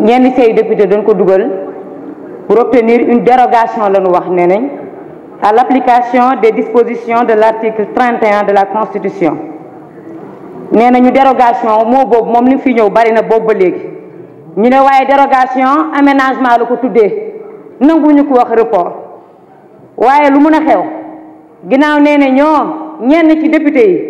ñenn avons député dañ ko dugal pour obtenir une dérogation wax à l'application des dispositions de l'article 31 de la constitution Nous avons dérogation moo boobu moom li fi ñëw bari na boobu ba ñu dérogation aménagement la ko tuddee nanguñu ko wax report waaye lu mun a xew ginnaaw nee na ñenn ci député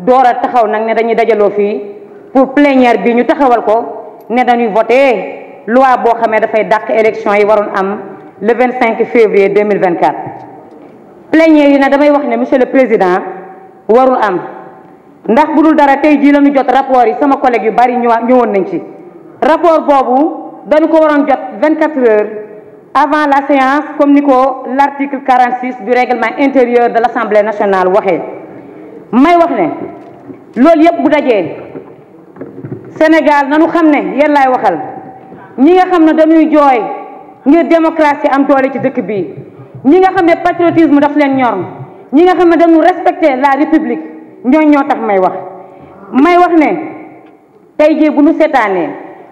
door a taxaw nag ne dañuy dajaloo fii pour plénière bi ñu taxawal ko ne dañuy voté loi boo xamee dafay dàq élection yi waroon am le 25 février 2024. plénière yi nag damay wax ne monsieur le président warul am ndax bu dul dara tey jii la ñu jot rapport yi sama collègue yu bari ñëwoon nañ ci. rapport boobu dañu ko waroon jot 24 heures avant la séance comme ni ko l' article 46 du règlement intérieur de l' assemblée nationale waxee. may wax ne loolu yëpp bu dajee Sénégal nanu xam ne yéen laay waxal ñi nga xam ne dañuy jooy ngir démocratie am doole ci dëkk bii ñi nga xam ne patriotisme daf leen ñor ñi nga xam ne dañu respecter la république ñooñ ñoo tax may wax may wax ne tey jii bu ñu seetaanee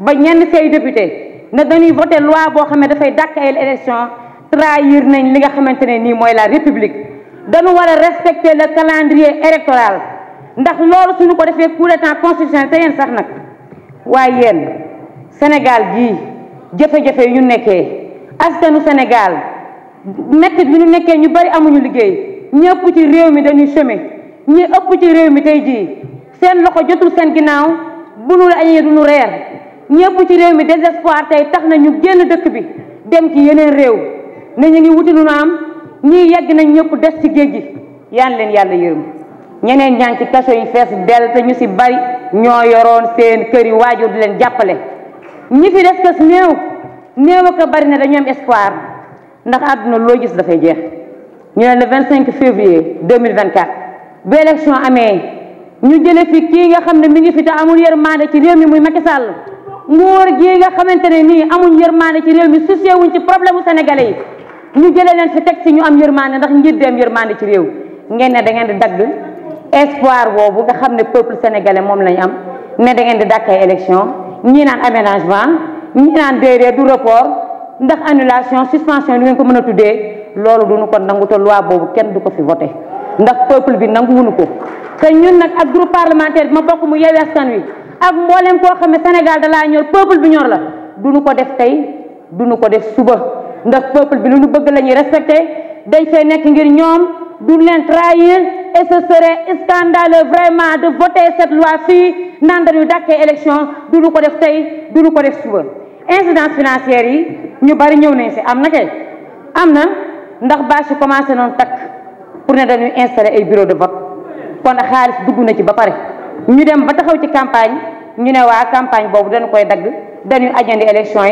ba ñenn say député ne dañuy voter loi boo xam ne dafay dàkk ay élection trahir nañ li nga xamante ne nii mooy la république dañu war a respecter le calendrier électoral ndax loolu suñu ko defee coup de temps constitutionnel te yéen sax nag waaye yéen Sénégal gii jafe-jafe yu ñu nekkee askanu Sénégal mettit bi ñu nekkee ñu bari amuñu liggéey ñi ci réew mi dañuy chômer ñi ëpp ci réew mi tey jii seen loxo jotul seen ginnaaw bu nu la añee du nu reer ñi ëpp ci réew mi désespoir tey tax nañu ñu génn dëkk bi dem ci yeneen réew ne ñu ngi wuti lu nu am ñii yegg nañ ñëpp des ci géej gi yaan leen yàlla yërëm ñeneen ñaan ci kaso yi fees del te ñu si bari ñoo yoroon seen kër yi waajur di leen jàppale ñi fi des kës néew néew ak a bari ne dañu am espoir ndax àdduna loo gis dafay jeex ñu ne le vingt cinq février deux mille vingt quatre bu élection amee ñu jële fi kii nga xam ne mi ngi fi te amul yërmande ci réew mi muy Macky Sall nguur gii nga xamante ne nii amuñ yërmande ci réew mi soucié wuñ ci problème u sénégalais yi ñu jëlee leen fi teg ci ñu am yërmande ndax ngir dem yërmande ci réew ngeen ne da ngeen di dagg espoir boobu nga xam ne peuple sénégalais moom lañu am ne da ngeen di dàq ay élection naan aménagement ñii naan déedéet du report ndax annulation suspension lu ngeen ko mën a tuddee loolu duñu ko nangu te loi boobu kenn du ko fi voté ndax peuple bi nangu wuñu ko te ñun nag ak groupe parlementaire bi ma bokk mu Yewwi Askan Wi ak mboolem koo xam ne Sénégal da laa ñor peuple bi ñor la duñu ko def tey duñu ko def suba ndax peuple bi lu ñu bëgg la ñuy dañ fee nekk ngir ñoom duñ leen trahir et ce serait scandaleux vraiment de voter cette loi si nan dañuy dàkkee élection du ñu ko def tey du ñu ko def suba. incidence financière yi ñu bari ñëw nañ si am na kay am na ndax baas yi commencé noonu takk pour ne dañuy installer ay bureau de vote kon xaalis dugg na ci ba pare ñu dem ba taxaw ci campagne ñu ne waa campagne boobu dañu koy dagg dañuy ajandi élection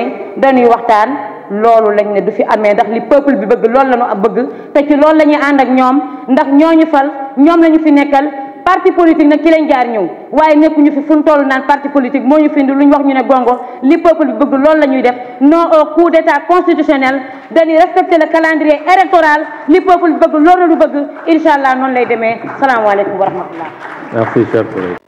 yi waxtaan. loolu lañ ne du fi amee ndax li peuple bi bëgg loolu la ñu bëgg te ci loolu la ñuy ànd ak ñoom ndax ñoo ñu fal ñoom la ñu fi nekkal parti politique nag ci lañ jaar ñëw waaye nekkuñu fi fu ñu toll naan parti politique moo ñu fi lu ñu wax ñu ne gongo li peuple bi bëgg loolu la ñuy def non au coup d' état constitutionnel dañuy respecter le calendrier électoral li peuple bi bëgg loolu la ñu bëgg incha allah noonu lay demee salaamaaleykum wa rahmatullah merci